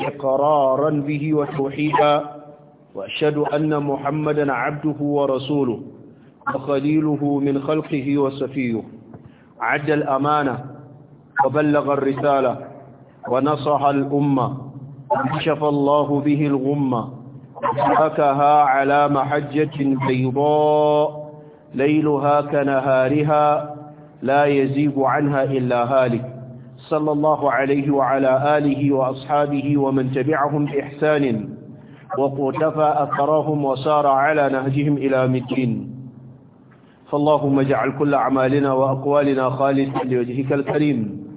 إقرارا به وتوحيدا وأشهد أن محمدا عبده ورسوله وخليله من خلقه وسفيه عد الأمانة وبلغ الرسالة ونصح الأمة وكشف الله به الغمة وتركها على محجة بيضاء ليلها كنهارها لا يزيغ عنها إلا هالك صلى الله عليه وعلى آله وأصحابه ومن تبعهم بإحسان وقتفى أثرهم وسار على نهجهم إلى مدين فاللهم اجعل كل أعمالنا وأقوالنا خالصا لوجهك الكريم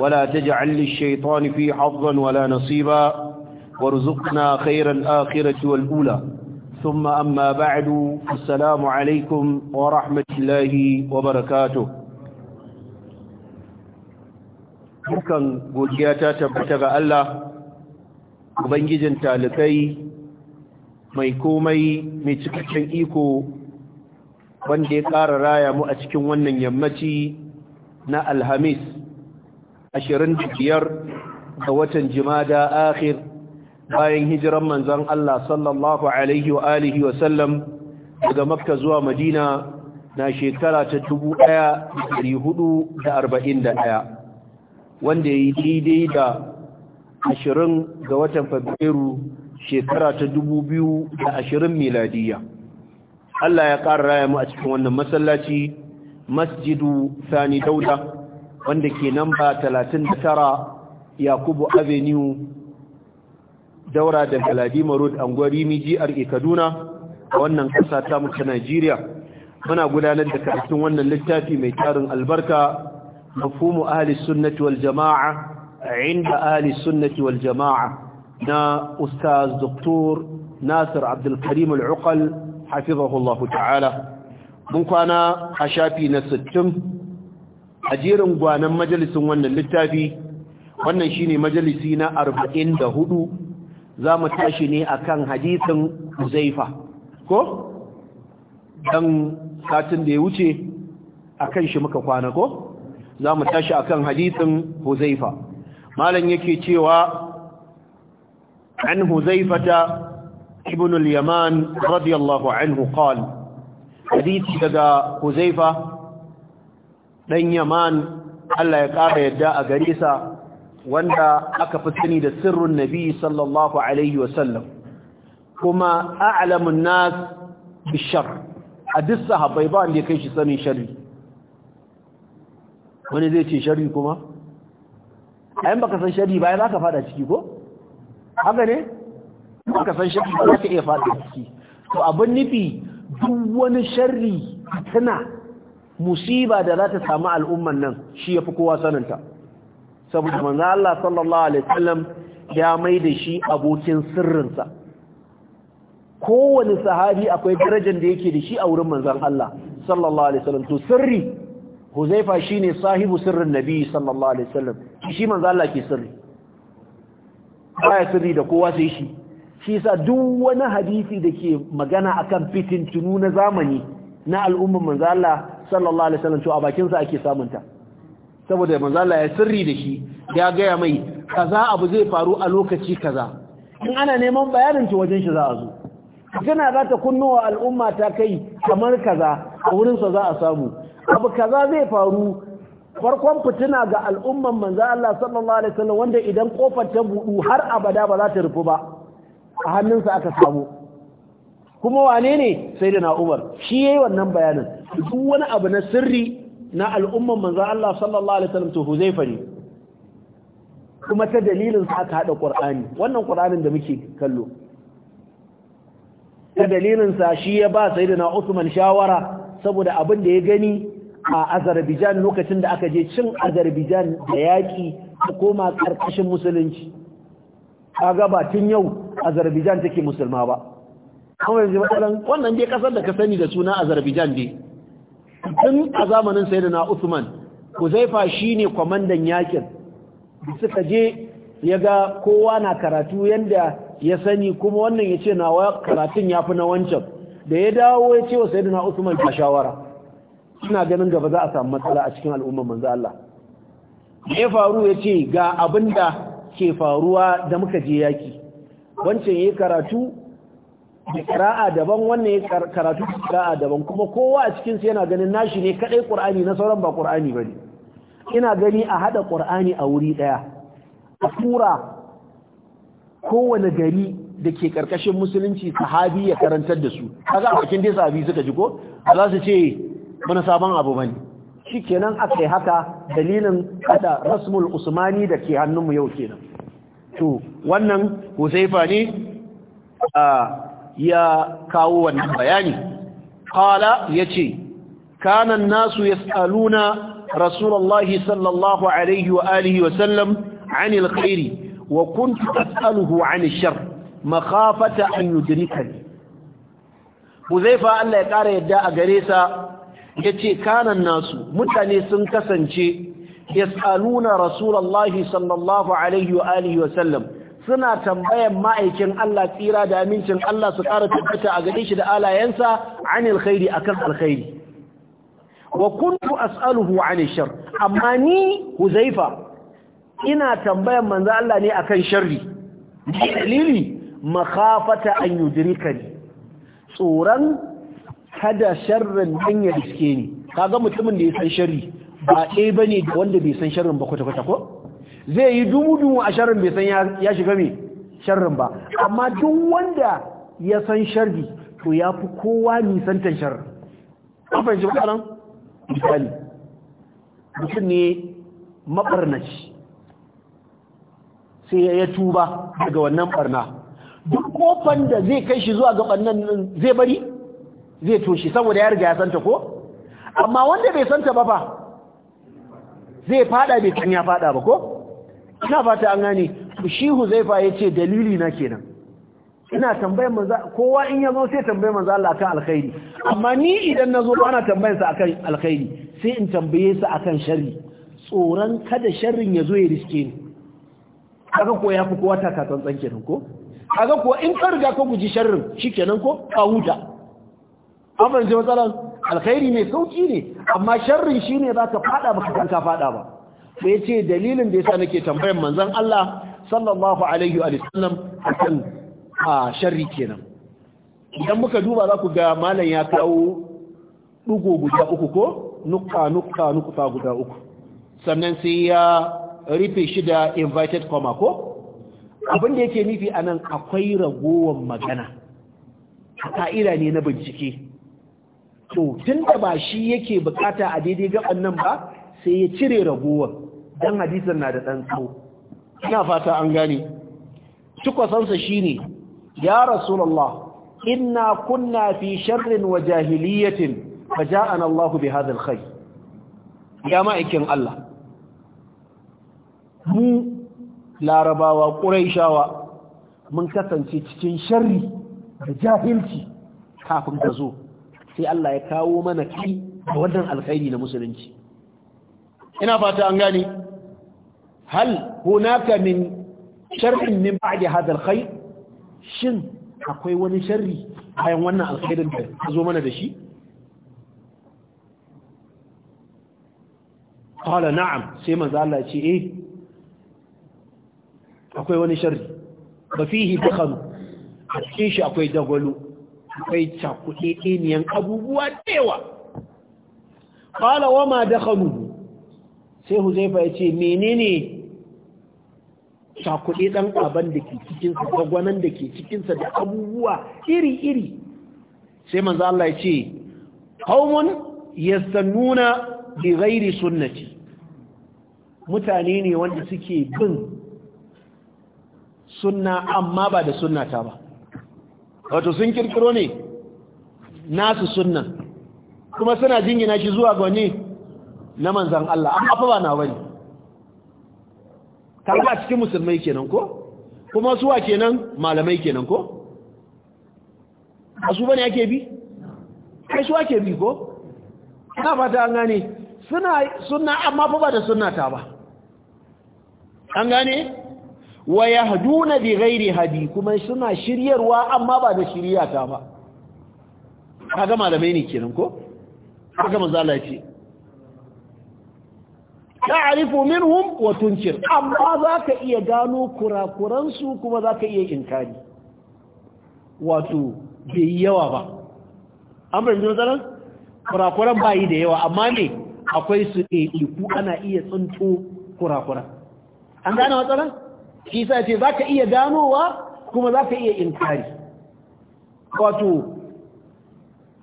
ولا تجعل للشيطان في حظا ولا نصيبا وارزقنا خير الآخرة والأولى ثم أما بعد السلام عليكم ورحمة الله وبركاته Bukan godiya ta tabbata ga Allah ubangijin talikai mai komai mai cikakken iko wanda ya ƙara raya mu a cikin wannan yammaci na alhamis 25 ga watan jimada akhir bayan hijiran manzon Allah sallallahu alaihi wa alihi wa sallam daga makka zuwa madina na shekara ta 1441 wanda ya yi daidai da ashirin ga watan fabrairu shekara ta dubu biyu da ashirin miladiya Allah ya ƙara raya mu a cikin wannan masallaci masjidu sani dauda wanda ke namba talatin da tara yakubu avenue daura da galadima road angwari mijiyar kaduna a wannan kasa ta najeriya muna gudanar da karatun wannan littafi mai tarin albarka مفهوم أهل السنة والجماعة عند أهل السنة والجماعة نا أستاذ دكتور ناصر عبد الكريم العقل حفظه الله تعالى منقنا أشافي نستم أجير مقانا مجلس وانا للتافي وانا شيني مجلسينا أربعين دهدو زام تاشيني أكان حديث مزيفة كو؟ دم ساتن ديوتي أكان شمك قوانا كو؟ za mu tashi kan hadisin huzaifa malam yake cewa an huzaifata ibn al-yaman radiyallahu anhu qala hadisi daga huzaifa dan yaman Allah ya kara yadda a gare sa wanda aka fi sani da sirrin nabi sallallahu alaihi wasallam kuma a'lamun nas bishar a duk sahabbai ba wanda ya kai shi sanin sharri wani zai ce shari kuma a yin baka san shari ba za ka fada ciki ko haka ne baka san shari ba za ka iya fada ciki to abin nufi duk wani shari tana musiba da za ta samu al'umman nan shi ya fi kowa sananta saboda manza Allah sallallahu alaihi wasallam ya mai da shi abokin sirrinsa kowane sahabi akwai darajar da yake da shi a wurin manzan Allah sallallahu alaihi wasallam to sirri huzaifa shine sahibu sirrin nabi sallallahu alaihi wasallam shi manzo Allah ke sirri baya sirri da kowa sai shi shi yasa duk wani hadisi da ke magana akan tunu na zamani na al'umman manzo Allah sallallahu alaihi wasallam to a bakin sa ake samunta. saboda manzo Allah ya sirri da shi ya gaya mai kaza abu zai faru a lokaci kaza in ana neman bayanin ta wajen shi za a zo kana za ta kunnowa al'umma ta kai kamar kaza a wurin sa za a samu abu kaza zai faru farkon fitina ga al'umman manzo Allah sallallahu alaihi wasallam wanda idan kofar ta budu har abada ba za ta rufu ba a hannunsa aka samu kuma wane ne sai da Umar shi yayi wannan bayanin duk wani abu na sirri na al'umman manzo Allah sallallahu alaihi wasallam to Huzaifa ne kuma ta dalilin sa aka hada Qur'ani wannan Qur'anin da muke kallo ta dalilin sa shi ya ba sayyidina Uthman shawara saboda abin da ya gani a Azerbaijan lokacin da aka je cin Azerbaijan da yaƙi ta koma ƙarƙashin musulunci kaga ba tun yau Azerbaijan take musulma ba kuma matsalan wannan dai ƙasar da ka sani da suna Azerbaijan dai tun a zamanin Sayyidina zai Kuzaifa ne kwamandan yakin suka je ya ga kowa na karatu yadda ya sani kuma wannan ya ce nawa karatun ya fi na wancan da ya dawo ya ce wa na usman ta shawara ina ganin gaba za a samu matsala a cikin al'ummar manzo Allah ya faru ya ce ga abin da ke faruwa da muka je yaki wancan ya karatu da kira'a daban wannan ya karatu da kira'a daban kuma kowa a cikinsu yana ganin nashi ne kaɗai ƙur'ani na sauran ba ƙur'ani ba ne ina gani a haɗa ƙur'ani a wuri ɗaya a tura kowane gari da ke ƙarƙashin musulunci sahabi ya karantar da su kaga a bakin dai sahabi suka ji ko A za su ce wani sabon abu bane shikenan aka yi haka dalilin kada rasmul usmani da ke hannunmu yau kenan to wannan huzaifa ne ya kawo wannan bayani qala yace kana an-nasu yas'aluna rasulullahi sallallahu alaihi wa alihi wa sallam 'anil alkhairi, wa kuntu as'aluhu 'anil shar makhafata an yudrikani huzaifa Allah ya kara yadda a gare sa Ya ce kanan nasu mutane sun kasance yas'aluna rasulullahi sallallahu alaihi wa alihi wa sallam suna tambayan ma'aikin Allah tsira da amincin Allah su ƙara tabbata a gare shi da alayensa anil khairi akan alkhairi wa kuntu as'aluhu anil shar amma ni huzaifa ina tambayan manzo Allah ne akan sharri dalili makhafata an yudrikani tsoran kada sharrin dan ya riske ni kaga mutumin da ya san sharri ba ɗaya bane da wanda bai san sharrin ba kwata kwata ko zai yi dumu-dumu a sharrin bai san ya shiga mai sharrin ba amma duk wanda ya san sharri to ya fi kowa nisantar sharrin a fahimci matsalan misali mutum ne maɓarnaci sai ya tuba daga wannan ɓarna duk kofan da zai kai shi zuwa ga ɓannan zai bari zai toshe saboda ya riga ya santa ko amma wanda bai santa ba fa zai fada bai kan ya fada ba ko ina fata an gane shi huzaifa yace dalili na kenan ina tambayar manzo kowa in yazo sai tambayar manzo Allah akan alkhairi amma ni idan nazo ba ana tambayar sa akan alkhairi sai in tambaye sa akan sharri tsoron kada sharrin yazo ya riske ni kaga ko yafi kowa ta ka kenan ko kaga ko in ka riga ka guji sharrin shikenan ko ka huta amma ji matsalan alkhairi mai sauki ne amma sharrin shine zaka fada baka san ka fada ba sai yace dalilin da yasa nake tambayar manzon Allah sallallahu alaihi wa sallam akan kan sharri kenan idan muka duba za ku ga malam ya kawo dugo guda uku ko nukta nukta nukta guda uku sannan sai ya rufe shi da invited comma ko abinda yake nufi anan akwai ragowar magana ka'ira ne na bincike to tun da ba shi yake bukata a daidai gaban nan ba sai ya cire ragowar dan hadisin na da ɗan tsawo ina fata an gane tukwasansa shine ya rasulullah inna kunna fi sharrin wa jahiliyatin ja'ana Allah bi hada al ya ma'aikin Allah mu larabawa quraishawa mun kasance cikin sharri da jahilci kafin ka zo sai Allah ya kawo mana kai a wannan alkhairi na musulunci ina fata an gane hal hunaka min shar'in min ba'di hadha alkhair shin akwai wani sharri bayan wannan alkhairin da ya zo mana da shi qala na'am sai manzo Allah ya ce eh akwai wani sharri ba fihi bakharu a cikin shi akwai dagwalo akwai cakuɗe ɗeniyan abubuwa yawa ƙalawa ma da hannu sai huzaifa ya ce menene cakuɗe ɗan abin da ke cikinsa gwagwanan da ke cikinsa da abubuwa iri-iri sai manza Allah ya ce qaumun yastannuna bi gairi sunnati mutane ne wanda suke bin sunna amma ba da sunnata ba wato sun kirkiro ne nasu sunnan kuma suna jingina shi zuwa gwani na manzan Allah amma fa ba na bane kaga cikin musulmai kenan ko kuma suwa kenan malamai kenan ko a su bane ake bi kai su ake bi ko ina fata an gane suna sunna amma fa ba da sunna ta ba an gane wa yahduna bi ghairi hadi kuma suna shiryarwa amma ba da shiriya ta ba kaga malamai ne kenan ko kaga manzo Allah ce ta'rifu minhum wa tunkir amma zaka iya gano kurakuran su kuma zaka iya inkari wato bai yawa ba amma yanzu zaran kurakuran bai da yawa amma ne akwai su ɗaiɗiku ana iya tsinto kurakuran an gane matsalar shi sa ce za ka iya ganowa kuma za ka iya inkari wato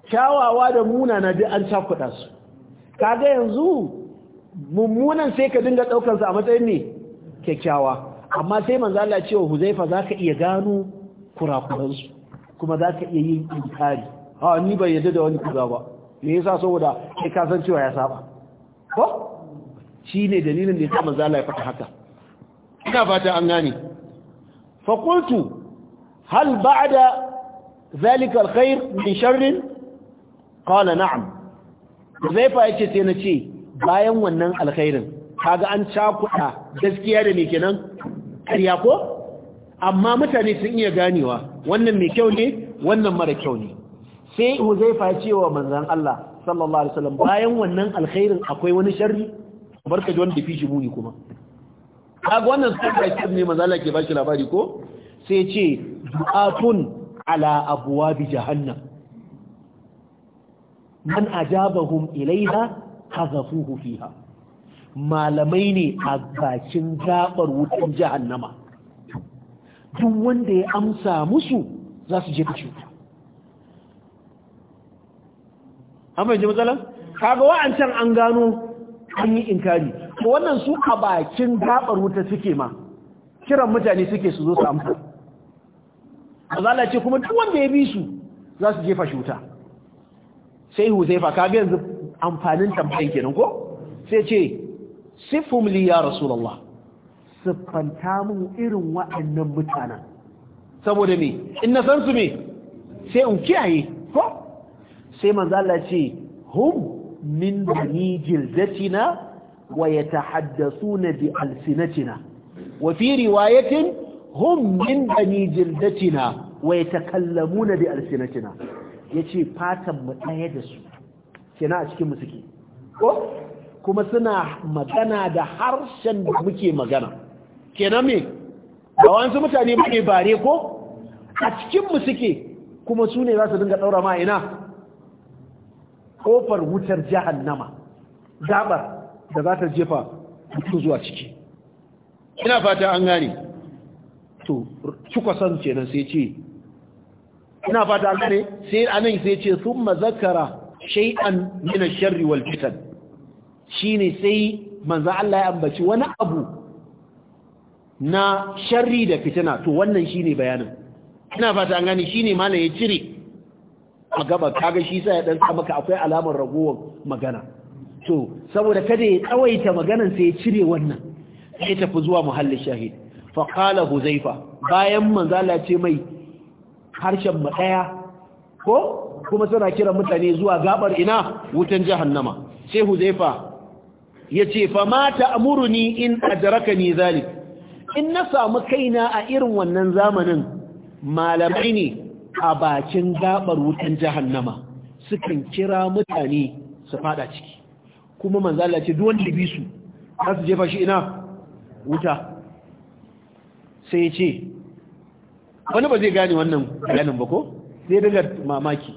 kyawawa da munana duk an cakuɗa su kaga yanzu mummunan sai ka dinga ɗaukansa a matsayin ne kyakkyawa amma sai manzo Allah ce Huzaifa za ka iya gano kurakuransu kuma za ka iya yin inkari a ni bai yadda da wani kaza ba me yasa saboda kai ka san cewa ya saba ko shine dalilin da ya sa manzo Allah ya faɗa haka ina fata an gane fa hal ba'da zalika khair mai sharrin qala na'am zaifa yace sai na ce bayan wannan alkhairin kaga an cakuɗa gaskiya da mai kenan ƙarya ko amma mutane sun iya ganewa wannan mai kyau ne wannan mara kyau ne sai huzaifa wa manzon Allah sallallahu alaihi wasallam bayan wannan alkhairin akwai wani sharri barka ji da fi shi muni kuma kaga wannan sarrafa ne manzo Allah ke bashi labari ko sai ce du'atun ala abwab jahannam man ajabahum ilaiha hazafuhu fiha malamai ne a bakin gabar wutan jahannama duk wanda ya amsa musu za su je cuta an fahimci matsalan kaga wa'ancan an gano an yi inkari to wannan su a bakin gabar wuta suke ma kiran mutane suke su zo su amsa azala ce kuma duk wanda ya bi su za su jefa shi wuta sai huzaifa ga yanzu amfanin tambayin kenan ko sai ce sifum li ya rasulullah Sifanta mun irin waɗannan mutanen saboda me in na san su me sai in kiyaye ko sai manzo Allah ce hum min bani jildatina wa yatahaddasuna bi alsinatina wa fi riwayatin hum min bani jildatina wa yatakallamuna bi alsinatina yace fatan mu daya da su kina a cikin mu suke ko kuma suna magana da harshen da muke magana kenan me ba wasu mutane bane ko a cikin mu suke kuma su ne za su dinga daura ma ina kofar wutar nama. gabar da za ta jefa mutu zuwa ciki ina fata an gane to cikwasan kenan sai ce ina fata an gane sai anan sai ce sun mazakara shay'an mina sharri wal fitan shine sai manzo Allah ya ambaci wani abu na sharri da fitina to wannan shine bayanin ina fata an gane shine malam ya cire a gaba kaga shi sai ya dan sa maka akwai alamar ragowar magana to saboda kada ya tsawaita maganar sai ya cire wannan sai tafi zuwa muhallin shahid fa qala huzaifa bayan manzo Allah ce mai harshen mu daya ko kuma suna kira mutane zuwa gabar ina wutan jahannama sai huzaifa yace fa mata Amuruni in adrakani zalik in na samu kaina a irin wannan zamanin malamai ne a bakin gabar wutan jahannama sukan kira mutane su fada ciki kuma manzala ce duk wanda bi su za su jefa shi ina wuta sai ya ce wani ba zai gane wannan bayanin ba ko zai daga mamaki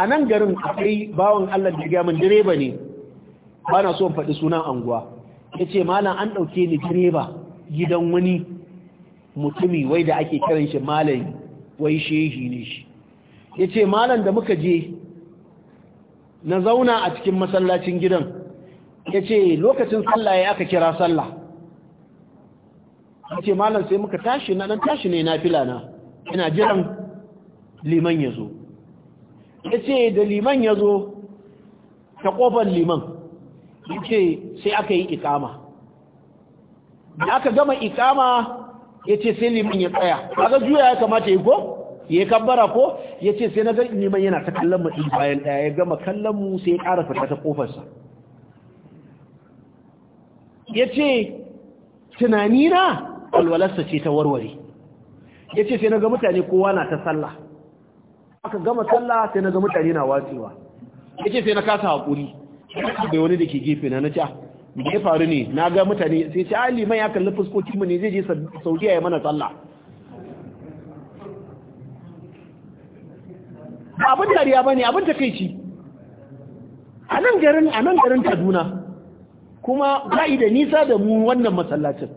a nan garin akwai bawan Allah da gamin direba ne ba na so faɗi sunan anguwa ya ce malam an ɗauke ni direba gidan wani mutumi wai da ake kiran shi malam wai shehi ne shi ya ce malam da muka je na zauna a cikin masallacin gidan ya ce lokacin sallah ya aka kira sallah ya ce malam sai muka tashi na dan tashi ne na filana ina jiran liman ya zo ya ce da liman ya zo ta ƙofar liman ya ce sai aka yi ikama da aka gama ikama ya ce sai liman ya tsaya ga juya ya kamata ya ko ya yi kabbara ko ya ce sai na ga liman yana ta kallon mu bayan ɗaya ya gama kallon mu sai ya ƙara fita ta ƙofarsa ya ce tunanina alwalarsa ce ta warware ya ce sai na ga mutane kowa na ta sallah aka gama sallah sai na ga mutane na watsewa ya ce sai na kasa haƙuri bai wani da ke gefe na na da ah, ya faru ne na ga mutane sai ce ali ah, mai ya kalli fuskoki mu ne zai je saudiya ya mana sallah abin dariya ba ne abin takaici a nan garin kaduna kuma ba'i da nisa da mu wannan masallacin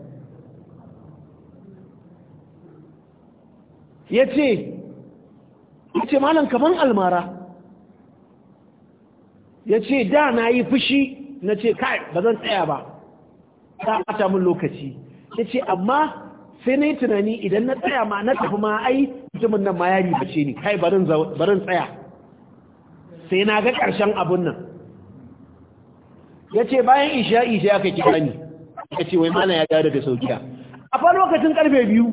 ya ce ya ce malam kamar almara ya ce da na yi fushi na ce kai ba zan tsaya ba ta ɓata mun lokaci ya ce amma sai na yi tunani idan na tsaya ma na tafi ma ai mutumin nan ma ya bace ni kai barin tsaya sai na ga ƙarshen abun nan ya ce bayan isha'i sai aka kira ni ya ce wai mana ya gada da saukiya a fa lokacin karfe biyu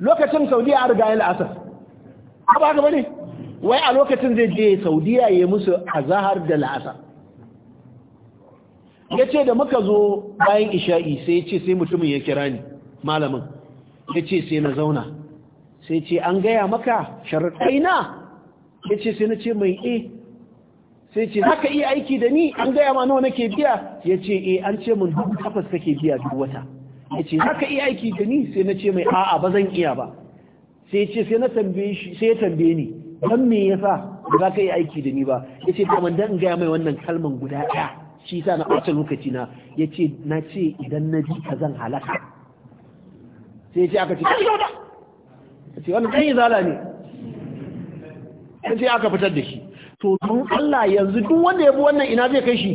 lokacin saudiya a rigayen la'asar a ba gaba ne wai a lokacin zai je saudiya ya musu azahar da la'asar ya ce da muka zo bayan isha'i sai ce sai mutumin ya kira ni malamin ya ce sai na zauna sai ce an gaya maka sharaɗai na ya ce sai na ce mai eh sai ce haka iya aiki da ni an gaya ma nawa nake biya ya ce eh an ce mun dubu takwas kake biya duk wata ya ce haka iya aiki da ni sai na ce mai a'a ba zan iya ba sai ce sai na tambaye shi sai ya tambaye ni dan me yasa ba za ka yi aiki da ni ba ya ce kuma dan in gaya mai wannan kalman guda ɗaya shi sa na ɓata lokaci na ya ce na ce idan na ji ka zan halaka sai ya ce aka ce kai shiga wata ya ce wannan ɗan yi zala ne sai aka fitar da shi to don Allah yanzu duk wanda ya bi wannan ina zai kai shi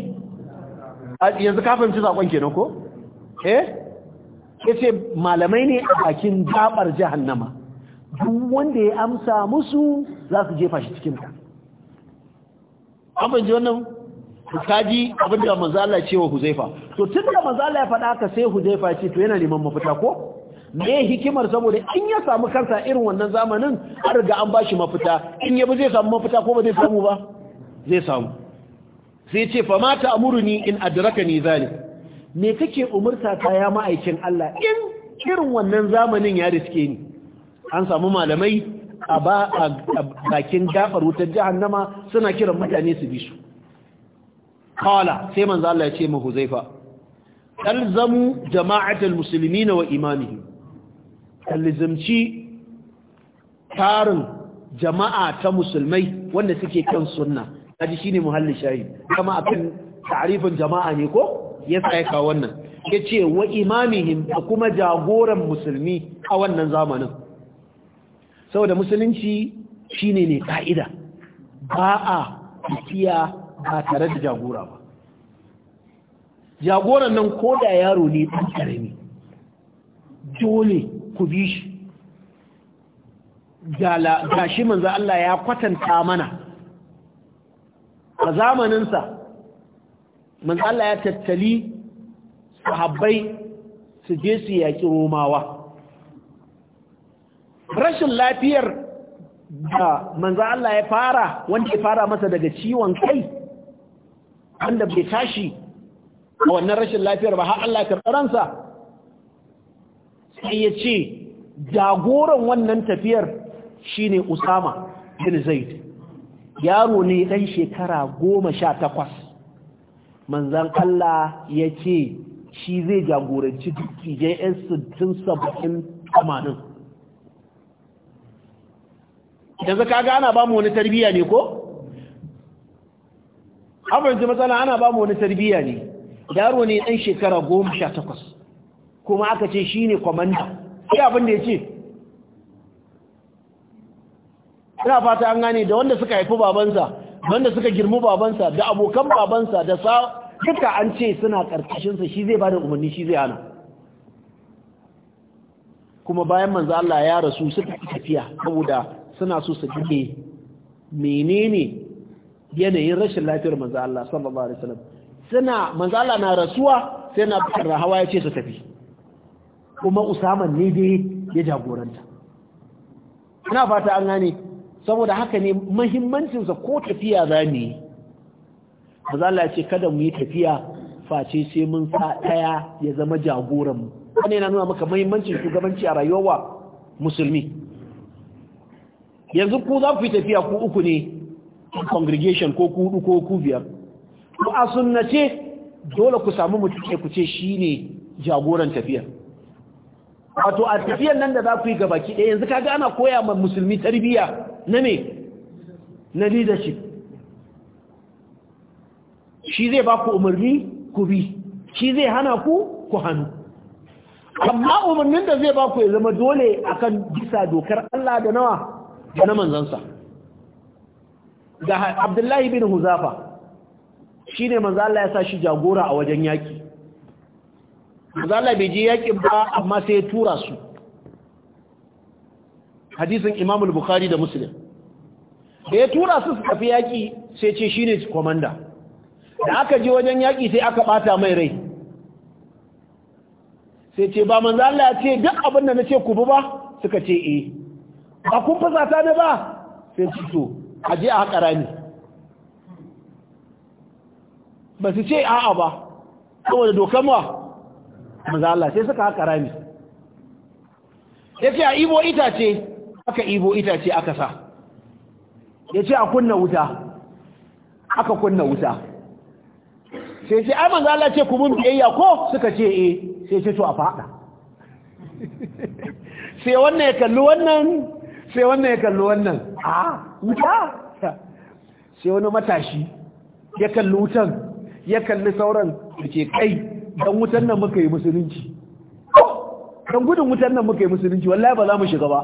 yanzu ka fahimci zakon kenan ko eh yace malamai ne a bakin gabar jahannama duk wanda ya amsa musu za su jefa shi cikin ta an fahimci wannan kaji abin da manzo Allah ce wa Huzaifa to tun da manzo Allah ya faɗa haka sai Huzaifa ce to yana neman mafita ko me hikimar saboda in ya samu kansa irin wannan zamanin an riga an bashi mafita in yabi zai samu mafita ko ba zai samu ba zai samu sai ce fa mata amuruni in ni zalik me kake umurta ta ya ma'aikin Allah in irin wannan zamanin ya riske ni an samu malamai a ba a bakin gafar wutar jahannama suna kiran mutane su bi su kawala sai manzo Allah ya ce mu huzaifa talzamu jama'atul muslimina wa imamihim kallizimci tarin jama'a ta musulmai wanda suke kan sunna kaji shine muhalli shayi kama akan ta'rifin jama'a ne ko ya tsaya wannan yace wa imamihim da kuma jagoran musulmi a wannan zamanin saboda musulunci shine ne ka'ida ba a tafiya ba tare da jagora ba jagoran nan ko da yaro ne ɗan ƙarami dole ku bi shi ga shi manzo Allah ya kwatanta mana a zamaninsa manzo Allah ya tattali sahabbai su je su yaƙi romawa rashin lafiyar da manzo Allah ya fara wanda ya fara masa daga ciwon kai wanda bai tashi a wannan rashin lafiyar ba har Allah ya karɓaransa sai ya ce jagoran wannan tafiyar shi ne usama bin zaid yaro ne ɗan shekara goma sha takwas manzan Allah ya ce shi zai jagoranci dukkijai 'yan sittin saba'in tamanin yanzu kaga ana ba mu wani tarbiyya ne ko? abinci matsala ana ba mu wani tarbiyya ne yaro ne ɗan shekara goma sha takwas kuma aka ce shi ne kwamanda sai abin da ya ce ina fata an gane da wanda suka haifi babansa wanda suka girmi babansa da abokan babansa da sa duka an ce suna ƙarƙashinsa shi zai ba da umarni shi zai hana kuma bayan manza Allah ya rasu suka tafiya saboda suna so su dike menene yanayin rashin lafiyar manza Allah sallallahu alaihi wasallam suna manza Allah na rasuwa sai na bakar hawa ya ce su tafi kuma usama ne dai ya jagoranta ina fata an gane saboda haka ne mahimmancinsa ko tafiya za mu yi mazala ce kada mu yi tafiya face sai mun sa ɗaya ya zama jagoranmu wani yana nuna maka mahimmancin shugabanci a rayuwa musulmi yanzu ku za ku yi tafiya ku uku ne congregation ko ku hudu ko ku biyar ku a sunnace dole ku samu mutum ku ce shi ne jagoran tafiyar wato a tafiyan nan da za ku yi gabaki ɗaya yanzu kaga ana koya ma musulmi tarbiyya na me na leadership shi zai ba ku umarni ku bi shi zai hana ku ku hannu amma umarnin da zai ba ku ya zama dole akan bisa dokar Allah da nawa da na manzansa ga Abdullahi bin Huzafa shi ne manzo Allah ya sa shi jagora a wajen yaki mazala bai je yakin ba amma sai ya tura su hadisin imam bukhari da muslim da ya tura su su tafi yaki sai ce shine komanda da aka je wajen yaki sai aka bata mai rai sai ce ba manzo Allah ya ce duk abin da nace ku bi ba suka ce eh ba kun fusata ne ba sai ce to a je a haƙa rami ba su ce a'a ba saboda dokan wa maza Allah sai suka haka rami yace a ibo itace aka ibo itace aka sa yace a kunna wuta aka kunna wuta sai ce ai maza Allah ce ku mun biyayya ko suka ce eh sai ce to a fada sai wannan ya kalli wannan sai wannan ya kalli wannan a wuta sai wani matashi ya kalli wutan ya kalli sauran da ke kai dan wutan nan muka yi musulunci dan gudun wutan nan muka yi musulunci wallahi ba za mu shiga ba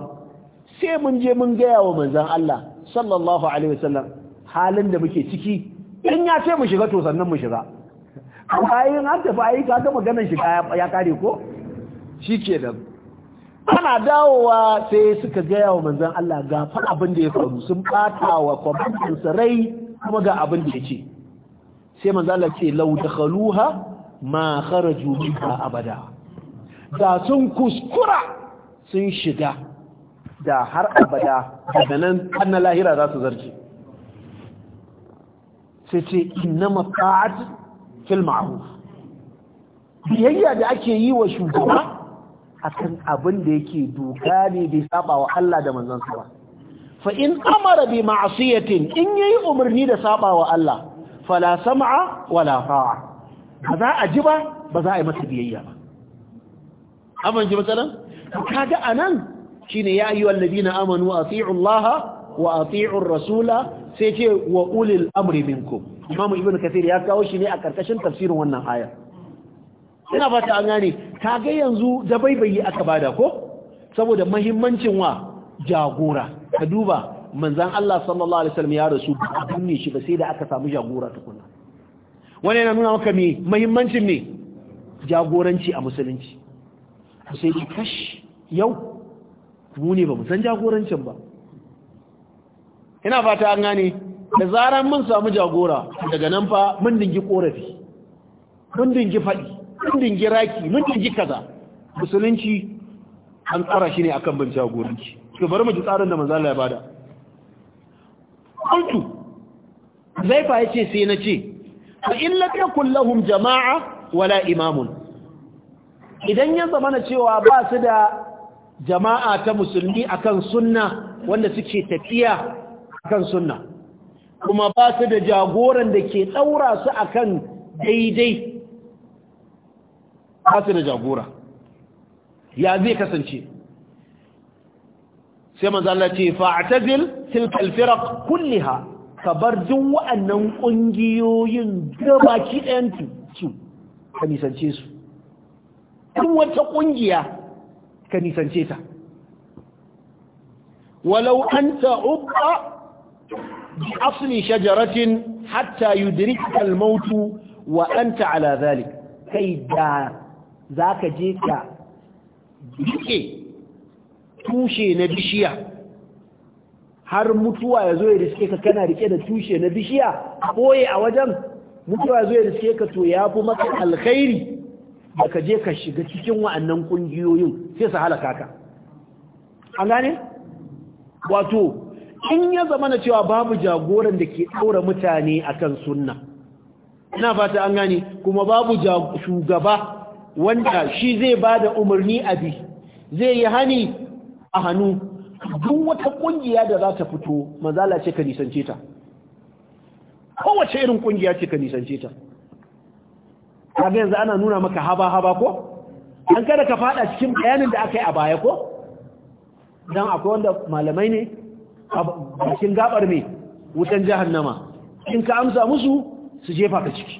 sai mun je mun gaya wa manzon Allah sallallahu alaihi wasallam halin da muke ciki in ya ce mu shiga to sannan mu shiga amma in an tafi ayi ka ga maganar shiga ya kare ko da ana dawowa sai suka gaya wa manzon Allah ga fa abin da ya faru sun ɓata wa kwamandan sarai kuma ga abin da ya ce sai manzon Allah ce lau dakhaluha ma kharaju minha abada da sun kuskura sun shiga da har abada daga nan har lahira za su zarce sai ce innama ta'at fil ma'ruf biyayya da ake yi wa shugaba akan abin da yake doka ne bai saba wa Allah da manzansa ba fa in amara bi ma'siyatin in yayi umarni da saba wa Allah fala sam'a wala ta'a ba za a ji ba ba za a yi masa biyayya ba aman ji matsalan kaga anan shine ya ayyuhal ladina amanu atii'u allaha wa atii'u rasula sai ce wa ulil amri minku. imam ibnu kathir ya kawo shi ne a karkashin tafsirin wannan aya ina fata an gane kaga yanzu da baibayi aka bada ko saboda mahimmancin wa jagora ka duba manzan Allah sallallahu alaihi wasallam ya rasu ba a shi ba sai da aka samu jagora tukuna wani yana nuna maka me muhimmancin me jagoranci a musulunci sai ki kash yau mu ne ba mu san jagorancin ba ina fata an gane da zaran mun samu jagora daga nan fa mun dingi korafi mun dingi faɗi mun dingi raki mun dingi kaza musulunci an tsara shi ne akan bin jagoranci to bari mu ji tsarin da manzo Allah ya bada kuntu zaifa yace sai na ce fa in lam yakul jama'a wala imamun idan ya zama cewa ba su da jama'a ta musulmi akan sunna wanda suke tafiya kan sunna kuma ba su da jagoran da ke daura su akan daidai ba su da jagora ya zai kasance sai manzo Allah ce fa'tazil tilka al ka bar duk wa'annan ƙungiyoyin ki ɗayan su ka nisance su duk wata ƙungiya ka nisance ta walau an uba bi asli shajaratin hatta yi al-maut wa an zalik kai da za ka je ka duke tushe na bishiya har mutuwa ya zo ya riske ka kana rike da tushe na bishiya a a wajen mutuwa ya zo ya riske ka to ya fi maka alkhairi da ka je ka shiga cikin wa'annan ƙungiyoyin sai su halaka ka an gane wato in ya zama na cewa babu jagoran da ke ɗaura mutane akan sunna ina fata an gane kuma babu shugaba wanda shi zai ba da umarni a bi zai yi hani a hannu duk wata kungiya da za ta fito manzala ce ka nisance ta kowace irin kungiya ce ka nisance ta kaga yanzu ana nuna maka haba haba ko an kada ka fada cikin bayanin da aka yi a baya ko dan akwai wanda malamai ne a cikin gabar me wutan jahannama in ka amsa musu su jefa ka ciki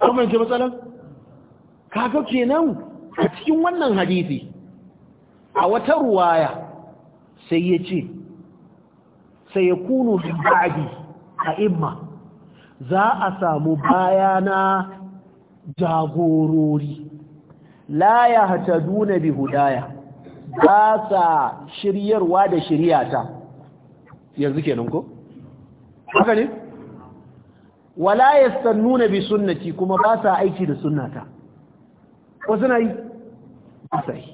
kuma yanzu matsalan kaga kenan a cikin wannan hadisi a wata ruwaya sai ya ce sai ya kunu min a imma za a samu bayana jagorori la ya hata duna bi hudaya ba sa shiryarwa da shiryata yanzu ke nan ko haka ne wala nuna bi sunnati kuma ba sa aiki da sunnata wasu na yi asai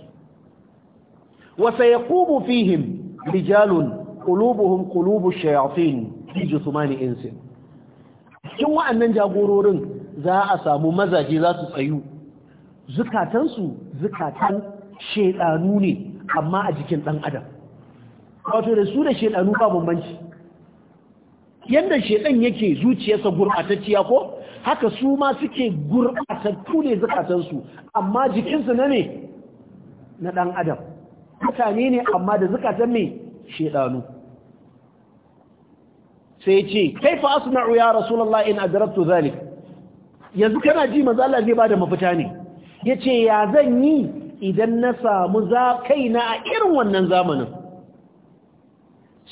wasa kubu fihim rijalun qulubuhum qulubu shayatin fi jismani insin cikin wa'annan jagororin za a samu mazaje za su tsayu zukatansu zukatan shedanu ne amma a jikin dan adam wato da su da shedanu ba bambanci yanda shedan yake zuciyarsa gurbatacciya ko haka su ma suke gurbatattu ne zukatansu amma jikinsu na ne na dan adam mutane ne amma da zukatan mai shedanu sai ce kaifa asna'u ya rasulullah in adrabtu zalik yanzu kana ji manzo Allah zai bada mafita ne yace ya zan yi idan na samu za kaina a irin wannan zamanin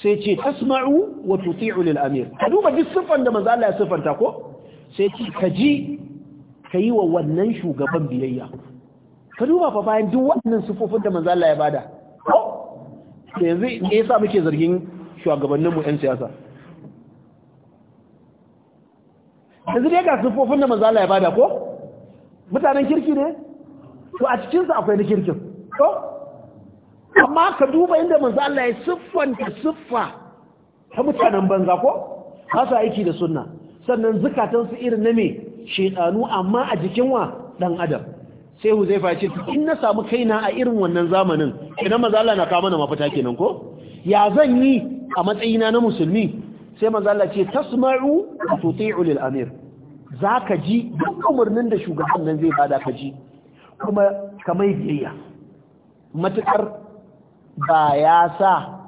sai ce tasma'u wa tuti'u lil amir ka duba duk siffan da manzo Allah ya siffanta ko sai ce ka ji ka yi wa wannan shugaban biyayya ka duba fa bayan duk wannan sufofin da manzo ya bada yanzu me yasa muke zargin shugabanninmu 'yan siyasa yanzu dai ga siffofin da manzala ya bada ko mutanen kirki ne to a cikinsa akwai na kirkin ko amma ka duba inda manzala ya siffanta siffa ta mutanen banza ko hasa aiki da sunna sannan zukatansu irin na me shaidanu amma a jikin wa dan adam sai huzaifa ce in na samu kaina a irin wannan zamanin ina mazala na kawo mana mafita kenan ko ya zan yi a matsayina na musulmi sai mazala Allah ce tasma'u tuti'u lil amir zaka ji duk umarnin da shugaban nan zai bada ka ji kuma kamai biyayya matukar ba ya sa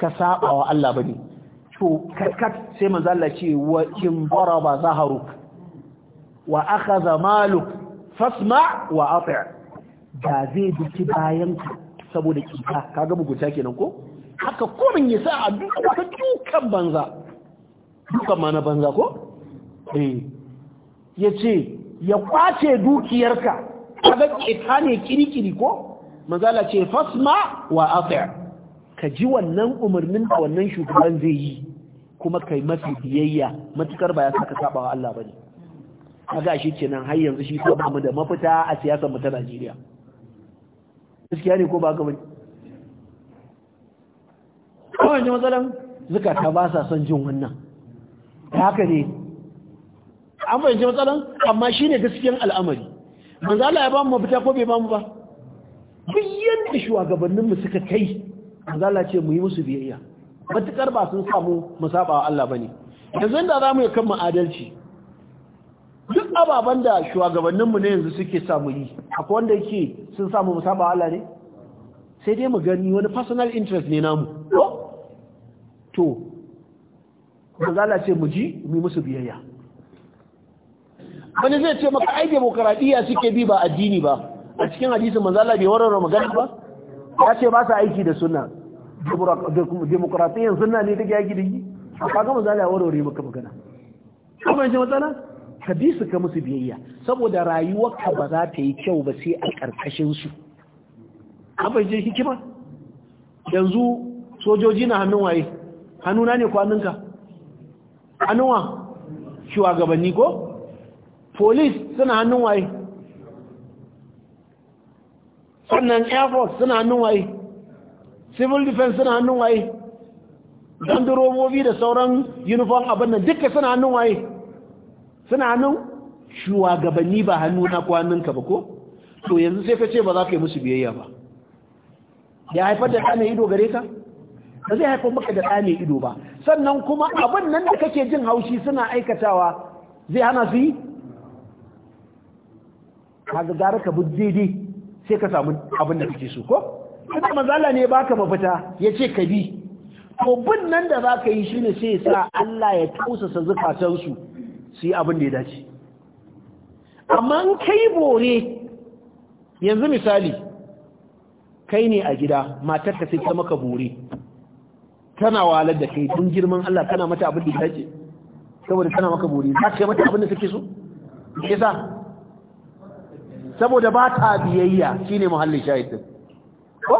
ka saba wa Allah bane to kakkat sai mazala Allah ce wa in daraba zaharuk wa akhadha maluk fasma wa ati' da zai duki bayan saboda kika kaga buguta kenan ko haka komin ya sa a duka dukan banza dukan ma na banza ko eh yace ya kwace dukiyarka kaga kita ne kirikiri ko manzala ce fasma wa ati' ka ji wannan umarnin da wannan shugaban zai yi kuma kai mafi biyayya matukar ba ya saka saba wa Allah bane kaga shi nan, har yanzu shi ko ba mu da mafita a siyasar mu ta Najeriya gaskiya ne ko ba gaba ko wani matsalan zukata ba sa son jin wannan haka ne an fahimci matsalan amma shine gaskiyan al'amari manzo Allah ya ba mu mafita ko bai ba mu ba duk yanda shugabannin mu suka kai manzo Allah ce mu yi musu biyayya matukar ba sun samu musaba wa Allah bane yanzu inda zamu yi kan mu adalci duk ababen da shugabanninmu ne yanzu suke samu yi akwai wanda yake sun samu musaba Allah ne sai dai mu gani wani personal interest ne namu to mazala ce mu ji mu musu biyayya wani zai ce maka ai demokaradiyya suke bi ba addini ba a cikin hadisin Manzala bai warware magana ba ya ce ba su aiki da sunna demokaradiyyar sunna ne take aiki da yi a kaga Manzala ya warware maka magana kuma yanzu matsala ka bi su ka musu biyayya saboda rayuwarka ba za ta yi kyau ba sai a ƙarƙashin su abin je hikima yanzu sojoji na hannun waye hannuna ne ko hannunka hannuwa gabanni ko police suna hannun waye sannan air force suna hannun waye civil defense suna hannun waye dandarobobi da sauran uniform abin nan duka suna hannun waye suna nan shugabanni ba hannu na kwaninka ba ko to yanzu sai ka ce ba za ka yi musu biyayya ba ya haifar da ɗane ido gare ka ba zai haifar maka da ɗane ido ba sannan kuma abin nan da kake jin haushi suna aikatawa zai hana su yi ga gara ka bi daidai sai ka samu abin da kake so ko kuma mazala ne baka mafita ya ce ka bi to bin nan da za ka yi ne sai sa Allah ya tausasa zukatansu su yi abin da ya dace amma in kai bore yanzu misali kai ne a gida matar ka sai ta maka bore tana walar da kai tun girman Allah kana mata abin da ya dace saboda tana maka bore za ka yi mata abin da suke so Isa. saboda ba ta biyayya shine muhallin shahidin ko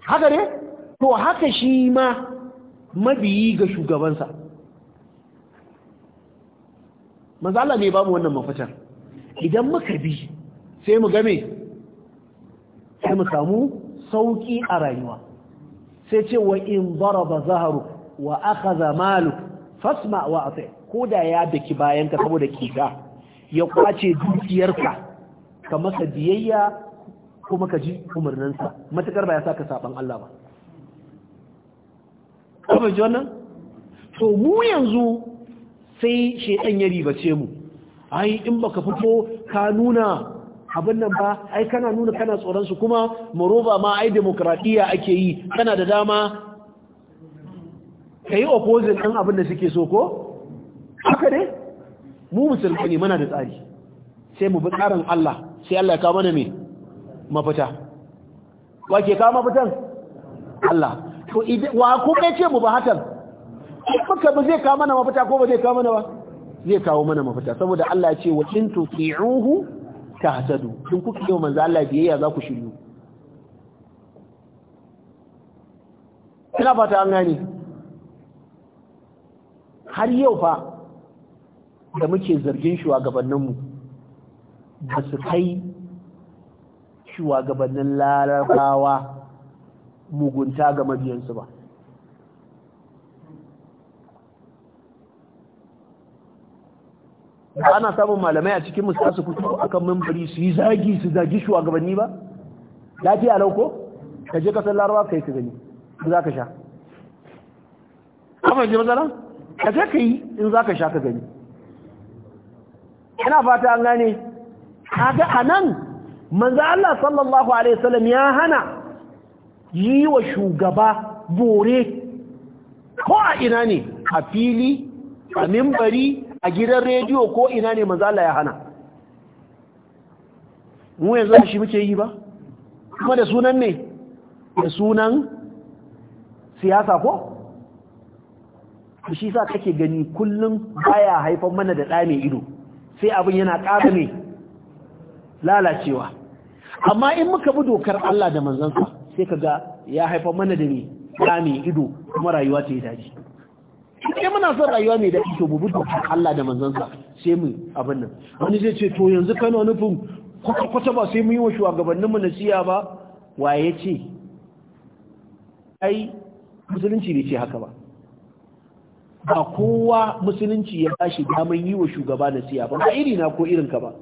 haka ne to haka shi ma mabiyi ga shugabansa maza Allah ne ba mu wannan mafitar idan muka bi sai mu game sai mu samu sauki a rayuwa sai ce wa in daraba zaharu wa akhadha malu fasma wa ati koda ya daki ka saboda kika ya kwace dukiyarka ka masa biyayya kuma ka ji umarninsa matakar ba ya saka saban Allah ba kuma ji wannan to mu yanzu sai shedan ya ribace mu ai in baka fito ka nuna abin nan ba ai kana nuna kana tsoron su kuma moroba ma ai demokradiya ake yi kana da dama kai opposing din abin da suke so ko haka ne mu musulmi ne muna da tsari sai mu bi tsarin Allah sai Allah ya kawo mana me mafita wa ke kawo mafitan Allah to wa kuka ce mu ba hakan maka ba zai kawo mana mafita ko ba zai kawo mana ba zai kawo mana mafita saboda Allah ya ce wa in tuti'uhu tahtadu in kuka yi wa manzo Allah biyayya za ku shiryu ina fata an gane har yau fa da muke zargin shugabanninmu ba su kai shugabannin larabawa mugunta ga mabiyansu ba ana samun malamai a cikin musu su fito akan mimbari su yi zagi su zagi shugabanni ba lafiya lau ko ka je kasar larawa yi ka gani za ka sha kamar je zara ka je ka yi in za ka sha ka gani ina fata an gane kaga a nan manza Allah sallallahu alaihi wasallam ya hana yi wa shugaba bore ko a ina ne a fili a mimbari a gidan rediyo ko ina ne mazala ya hana mu yanzu shi muke yi ba kuma da sunan ne da sunan siyasa ko shi sa kake gani kullum baya haifan mana da ɗa mai ido sai abin yana ƙara ne lalacewa amma in muka bi dokar Allah da manzansa sai ka ga ya haifan mana da ne ɗa mai ido kuma rayuwa ta yi daji ke muna son rayuwa mai daɗi to bubu da Allah da manzansa sai mu abin nan wani zai ce to yanzu kana nufin kwata-kwata ba sai mu yi wa shugabannin mu nasiya ba waye ce ai musulunci bai ce haka ba ba kowa musulunci ya bashi daman yi wa shugaba nasiya ba ba iri ko irin ka ba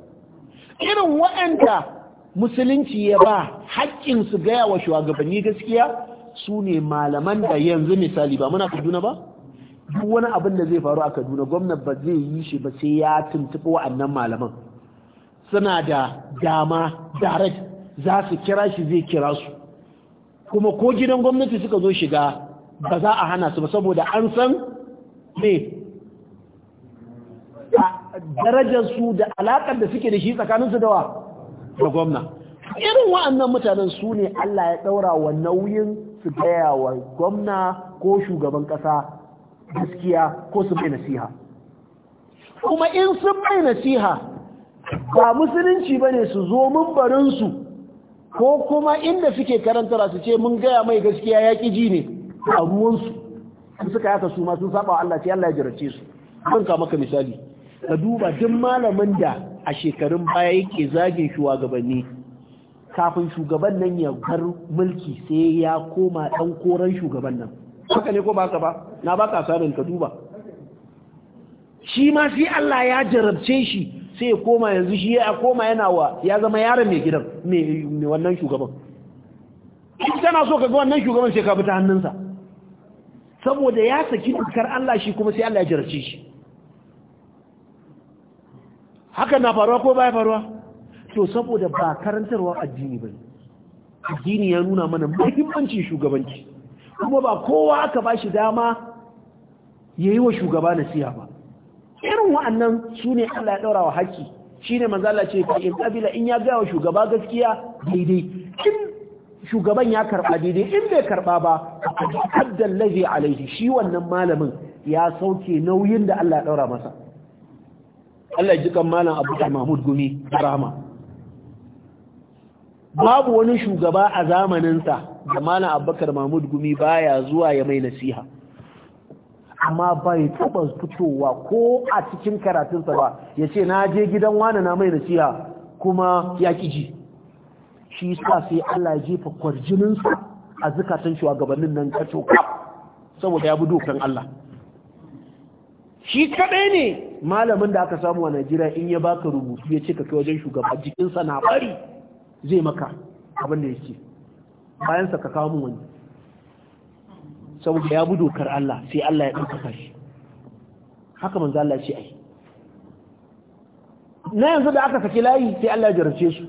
irin waɗanda musulunci ya ba haƙƙin su gaya wa shugabanni gaskiya su ne malaman da yanzu misali ba muna kaduna ba duk wani abin da zai faru a kaduna gwamna ba zai yi shi ba sai ya tuntuɓi wa'annan malaman suna da dama direct za su kira shi zai kira su kuma ko gidan gwamnati suka zo shiga ba za a hana su ba saboda an san me a su da alaƙar da suke da shi tsakaninsu da wa da gwamna irin wa'annan mutanen su ne Allah ya ɗaura wa nauyin su gaya wa gwamna ko shugaban ƙasa gaskiya ko su mai nasiha kuma in sun mai nasiha ba musulunci ba ne su zo barinsu? ko kuma inda suke karanta su ce mun gaya mai gaskiya ya ƙi ji ne a ruwansu in suka yaka su masu sun saba wa Allah ce Allah ya jirace su ban ka maka misali ka duba duk malamin da a shekarun baya yake zagin shugabanni kafin shugaban nan ya bar mulki sai ya koma ɗan koren shugaban nan haka ne ko ba ka ba na ba ka ka duba shi ma sai Allah ya jarabce shi sai ya koma yanzu shi ya koma yana wa ya zama yaron mai gidan mai wannan shugaban shi tana so ka ga wannan shugaban sai ka bi ta hannunsa saboda ya saki dukkan Allah shi kuma sai Allah ya jarabce shi haka na faruwa ko baya faruwa to saboda ba karantarwa addini bane addini ya nuna mana muhimmancin shugabanci kuma ba kowa aka ba shi dama ya yi wa shugaba nasiha ba irin wa'annan su ne Allah ya ɗaura wa haƙƙi shi ne manzala ce ka in ƙabila in ya gaya wa shugaba gaskiya daidai in shugaban ya karɓa daidai in bai karɓa ba haddan a laifi shi wannan malamin ya sauke nauyin da Allah ya ɗaura masa Allah ji kan malam Abu Mahmud Gumi rama babu wani shugaba a zamaninsa da mana abubakar mahmud gumi baya zuwa ya mai nasiha amma bai taba fitowa ko a cikin karatunsa ba ya ce na je gidan wani na mai nasiha kuma ya ji. shi sa sai Allah ya jefa kwarjininsa a zukatan shugabannin nan kaco kaf saboda ya bi dokan Allah shi kaɗai ne malamin da aka samu a Najeriya in ya baka rubutu ya ce ka kai wajen shugaba jikinsa na bari zai maka abin da yake bayan ka kawo wani saboda ya bi dokar Allah sai Allah ya ɗaukaka shi haka manzo Allah ce ai na yanzu da aka saki layi sai Allah ya jarrace su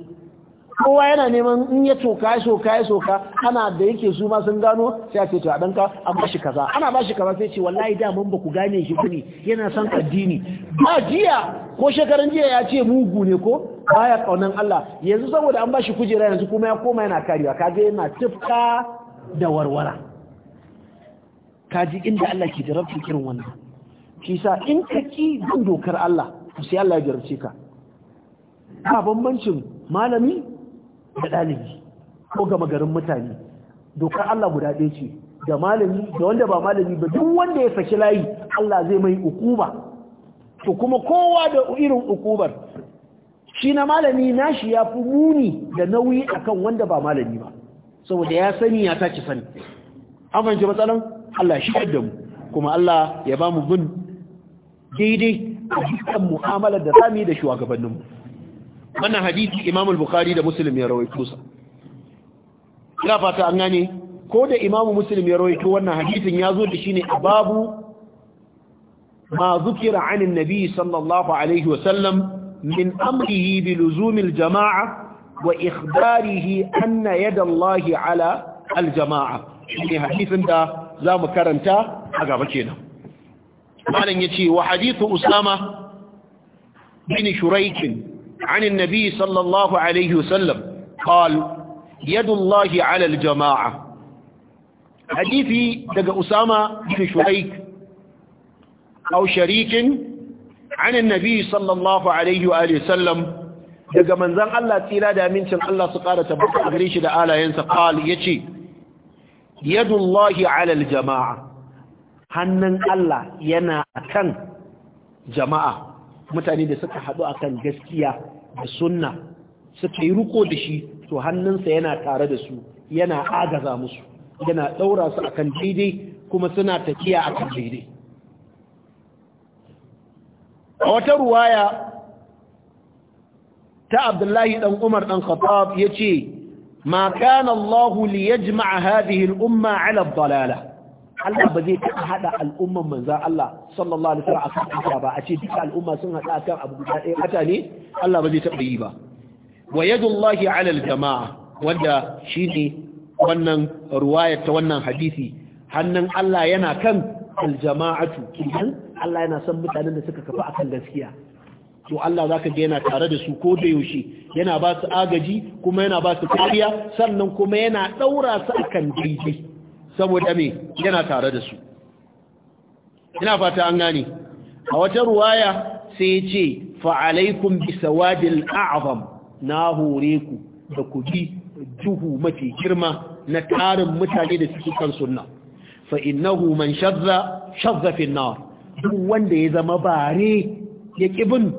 kowa yana neman in ya toka ya soka ya soka ana da yake su ma sun gano sai a ce to a danka an ba shi kaza ana ba shi kaza sai ce wallahi da mun ba ku gane shi bane yana son addini ba jiya ko shekaran jiya ya ce mugu ne ko baya kaunan Allah yanzu saboda an bashi kujera yanzu kuma ya koma yana kariwa kaje yana tifka da warwara kaji inda Allah ke jarabta irin wannan shi sa in ka ki bin dokar Allah sai Allah ya jarabce ka ba bambancin malami da dalibi ko ga magarin mutane dokar Allah guda ɗaya ce da malami da wanda ba malami ba duk wanda ya saki layi Allah zai mai ukuba to kuma kowa da irin ukubar shi na malami nashi ya fi muni da nauyi akan wanda ba malami ba saboda ya sani ya taci sani an fahimci matsalan Allah shi da mu kuma Allah ya ba mu bin daidai a dukkan mu'amalar da zamu yi da mu. wannan hadisi Imam bukhari da Muslim ya rawaito sa ina fata an gane ko da Imam Muslim ya rawaito wannan hadisin ya zo da shine a babu ma zukira anin nabi sallallahu alaihi wa sallam min amrihi bi luzumil jama'a wa ikbarihi anna yada Allah ala aljama'a shine hadisin da zamu karanta a gaba kenan malam yace wa hadithu usama bin shuraikin عن النبي صلى الله عليه وسلم قال يد الله على الجماعة حديثي دقى أسامة بن شريك أو شريك anin nabi sallallahu alaihi wa sallam daga manzan Allah tsira da amincin Allah su ƙara tabbata a gare shi da alayensa qal yace yadullahi alal jama'a hannun Allah yana akan jama'a mutane da suka haɗu akan gaskiya da sunna suka yi ruko da shi to hannunsa yana tare da su yana agaza musu yana ɗaura su akan daidai kuma suna tafiya akan daidai a wata ruwaya ta abdullahi ɗan umar dan khattab ce, ma kana Allah li yajma'a hadhihi al-umma 'ala ad Allah ba zai taɓa haɗa al'umman manzan Allah sallallahu alaihi wasallam akan haka ba a ce duka al'umma sun haɗa akan abu guda ɗaya hata ne Allah ba zai taɓa yi ba wa yadullahi ala al-jama'a wanda shi ne wannan ruwayar ta wannan hadisi hannun Allah yana kan al-jama'atu Allah yana son mutanen da suka kafa akan gaskiya to Allah zaka ga yana tare da su ko da yaushe yana ba su agaji kuma yana ba su kariya sannan kuma yana daura su akan daidai saboda me yana tare da su ina fata an gane a wata ruwaya sai ya ce fa alaikum bi sawadil a'zam na hore ku da ku bi duhu mafi girma na tarin mutane da suke kan sunna fa innahu man shadda shadda fi nar duk wanda ya zama bare ya kibin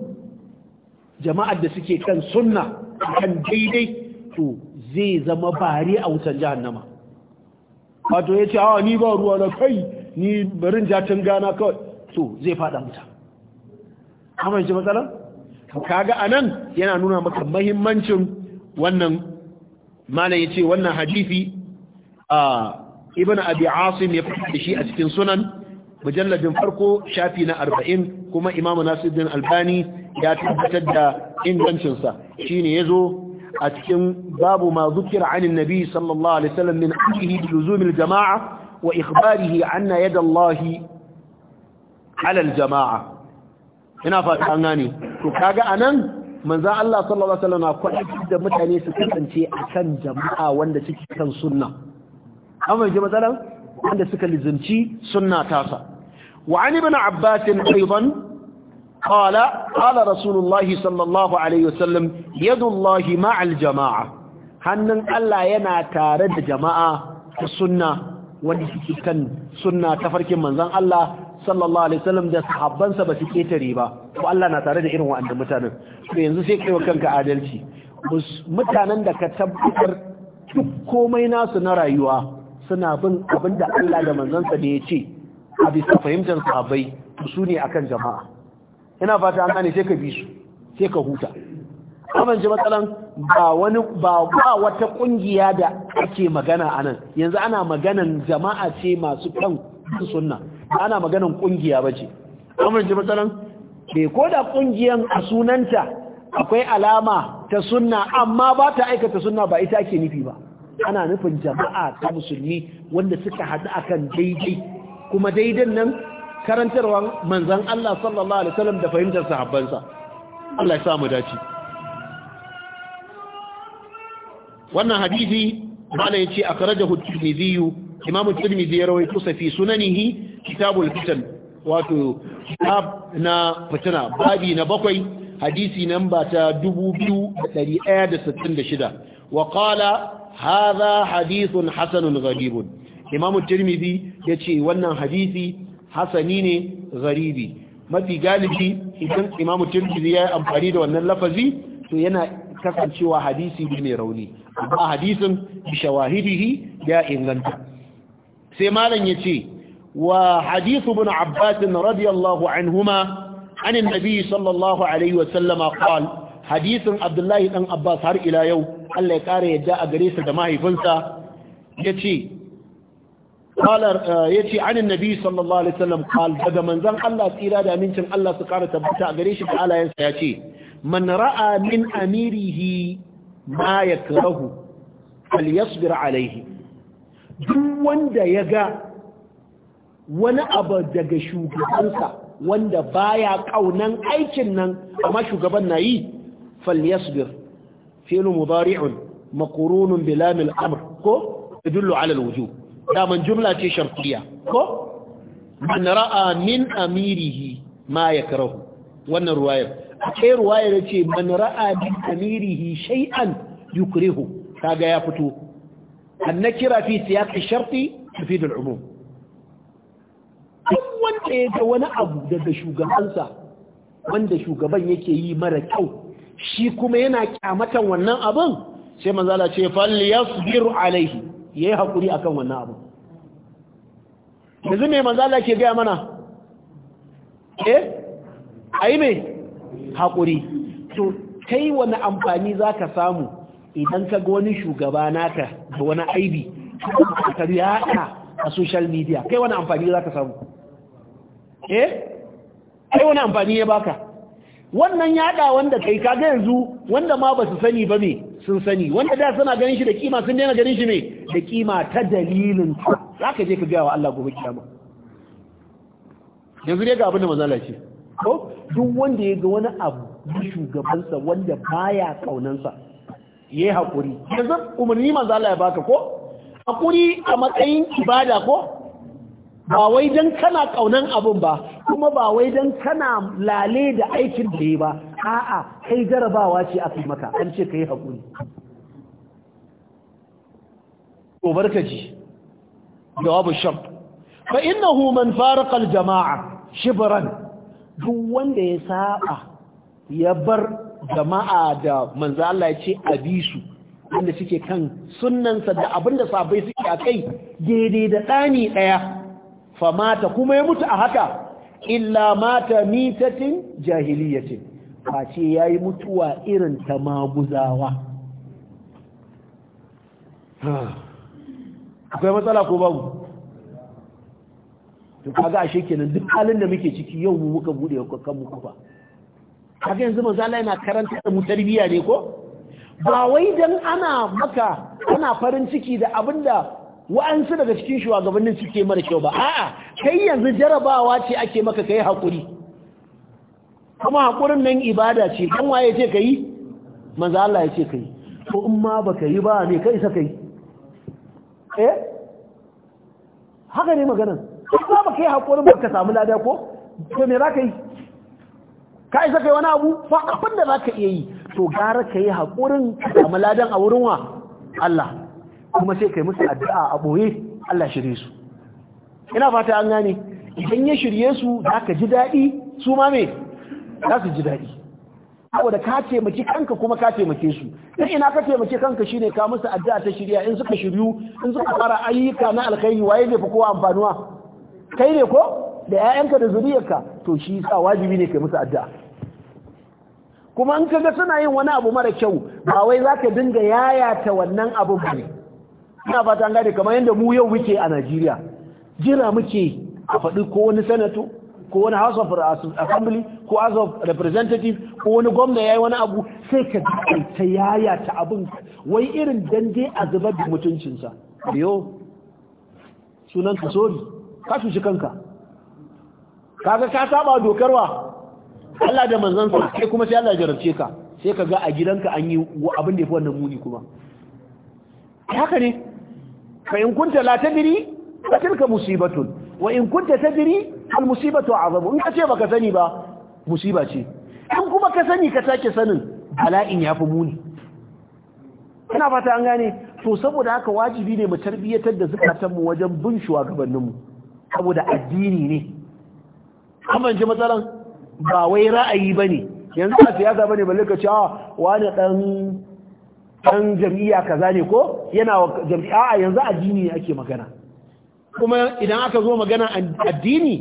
jama'ar da suke kan sunna kan daidai to zai zama bare a wutan jahannama wato ya ce a ni ba ruwa na kai ni barin jacin gana kawai to zai fada wuta amma shi matsalar kaga anan yana nuna maka mahimmancin wannan malam yace wannan hadifi a ah, ibn abi asim ya da shi a cikin sunan mujalladin farko shafi na arba'in kuma imamu nasiruddin albani ya tabbatar da ingancinsa shine ya zo a cikin babu ma zukira anin nabi sallallahu alaihi wasallam min amrihi bi luzumil jama'a wa ikhbarihi anna yadallahi ala aljama'a ina fata an gane to kaga anan manzo Allah sallallahu alaihi wasallam na kwadi da mutane su kasance kan jama'a wanda suke kan sunna amma ji matsalan wanda suka lizunci suna tasa wa abbasin ibn abbas ala qala qala rasulullahi sallallahu alaihi wasallam yadullahi ma'al jama'a hannun Allah yana tare da jama'a ta sunna Wani suke kan sunna ta farkin Allah sallallahu alaihi wasallam da sahabbansa ba su ketare ba Ko Allah na tare da irin wa'annan mutanen to yanzu sai kai kanka adalci mutanen da ka tabbatar duk komai nasu na rayuwa suna bin abin da Allah da manzansa ne ya ce a bisa fahimtar sahabbai su ne akan jama'a ina fata an gane sai ka bi su sai ka huta ji matsalan ba wani ba wata kungiya da ake magana anan yanzu ana maganan jama'a ce masu kan sunna ana maganan kungiya bace ji matsalan bai ko da kungiyan a sunanta akwai alama ta sunna amma ba ta aikata sunna ba ita ake nufi ba ana nufin jama'a ta musulmi wanda suka haɗu kan daidai kuma daidan nan karantarwa manzan Allah sallallahu alaihi wasallam da fahimtar sahabbansa Allah ya samu dace wannan hadisi malai yace akhrajahu at-Tirmidhi Imam at-Tirmidhi ya rawaito sa fi sunanihi kitabul fitan wato kitab na fitana babi na bakwai hadisi namba ta 2166 وقال هذا حديث حسن غريب tirmizi ya ce wannan hadisi hasani ne gharibi mafi galibi idan imam at ya yi amfani da wannan lafazi to yana kasancewa hadisi mai rauni amma hadisin bi shawahidihi ya inganta sai malam ya ce wa hadith ibn abbas radiyallahu anhuma an an-nabi sallallahu alayhi wa sallama qala hadith abdullah ibn abbas har ila yau Allah ya kare yadda a gare sa da mahaifinsa yace qala eh, yace anin nabi sallallahu alaihi wasallam qal daga manzon Allah tsira da amincin Allah su kara tabbata a gare shi da alayansa yace man ra'a min amirihi ma yakrahu falyasbir alaihi duk wanda ya ga wani abu daga shugabansa wanda baya kaunan aikin nan amma shugaban na yi falyasbir فعل مضارع مقرون بلام الأمر كو يدل على الوجوب دائما جملة شرطية كو من رأى من أميره ما يكره وانا الرواية أي رواية من رأى من أميره شيئا يكرهه كاقا يفتو النكرة في سياق الشرط تفيد العموم wanda ya ga wani abu daga shugabansa wanda shugaban yake yi mara kyau shi kuma yana kyamatan wannan abin sai manzala ce falyasbir alaihi yayi hakuri akan wannan abin yanzu me manzala ke gaya mana eh ayi me hakuri to kai wani amfani zaka samu idan ka ga wani shugaba naka da wani aibi ka yada a social media kai wani amfani zaka samu eh kai wani amfani ya baka wannan yada wanda kai kaga yanzu wanda ma ba su sani ba me sun sani wanda da suna ganin shi da kima sun daina ganin shi me da kima ta dalilin za ka je ka gaya wa Allah gobe kiyama yanzu dai ga abin da mazala ce ko duk wanda ya ga wani abu shugabansa wanda baya kaunansa ya yi haƙuri yanzu umarni Allah ya baka ko haƙuri a matsayin ibada ko ba wai don kana kaunan abin ba kuma ba wai don kana lale da aikin da ya ba a'a kai jarabawa ce a maka an ce ka yi haƙuri gobar ka ji jawabu shan ba ina human jamaa shibran duk wanda ya saba ya bar jama'a da Manzala Allah ya ce abisu wanda suke kan sunansa da abinda sabai suke a kai daidai da ɗani ɗaya famata kuma ya mutu a haka illa mata mitatin jahiliyatin face ya yi mutuwa irin ta maguzawa akwai matsala ko babu to kaga ashe kenan duk halin da muke ciki yau mu muka bude kan mu kufa kaga yanzu mazala yana karanta da mu tarbiya ne ko ba wai dan ana maka ana farin ciki da abinda wa'ansu daga cikin shugabannin suke mara kyau ba a'a kai yanzu jarabawa ce ake maka kai hakuri kuma hakurin nan ibada ce kan waye ce kai manzo Allah ya ce kai to in ma baka yi ba me kai sa kai eh haka ne magana in ba baka yi haƙurin baka samu lada ko to me zaka yi ka isa kai wani abu fa abin da zaka iya yi to gara ka yi hakurin ka samu ladan a wurin wa Allah kuma sai kai musu addu'a a boye Allah shirye su ina fata an gane idan ya shirye su zaka ji dadi su ma me za su ji dadi saboda ka taimaki kanka kuma ka taimake su dan ina ka taimake kanka shine ka musu addu'a ta shirya in suka shiryu in suka fara ayyuka na alkhairi waye ne fa kowa amfanuwa kai ne ko da 'ya'yanka da zuriyarka to shi sa wajibi ne kai musu addu'a kuma in kaga suna yin wani abu mara kyau ba wai zaka dinga yayata wannan abun bane ina fata an gane kamar yadda mu yau muke a Najeriya jira muke a faɗi ko wani sanato ko wani house of assembly ko house of representative ko wani gwamna yayi wani abu sai ka ta yaya ta abin wai irin dande a zubar da mutuncinsa biyo sunan ka sori ka shi kanka kaga ka saba dokarwa Allah da manzansa sai kuma sai Allah jarabce ka sai ka ga a gidanka an yi abin da yafi wannan muni kuma haka ne fa in kunta la tadri fa tilka musibatun wa in kunta tadri al musibatu azabu in kace baka sani ba musiba ce in kuma ka sani ka take sanin bala'in yafi muni kana fata an gane to saboda haka wajibi ne mu tarbiyyatar da zukatanmu wajen bin shugabanninmu saboda addini ne amma ji matsalan ba wai ra'ayi bane yanzu a siyasa bane balle ka ce a dan jam'iyya kaza ne ko yana wa jam'iyya a yanzu addini ne ake magana kuma idan aka zo magana addini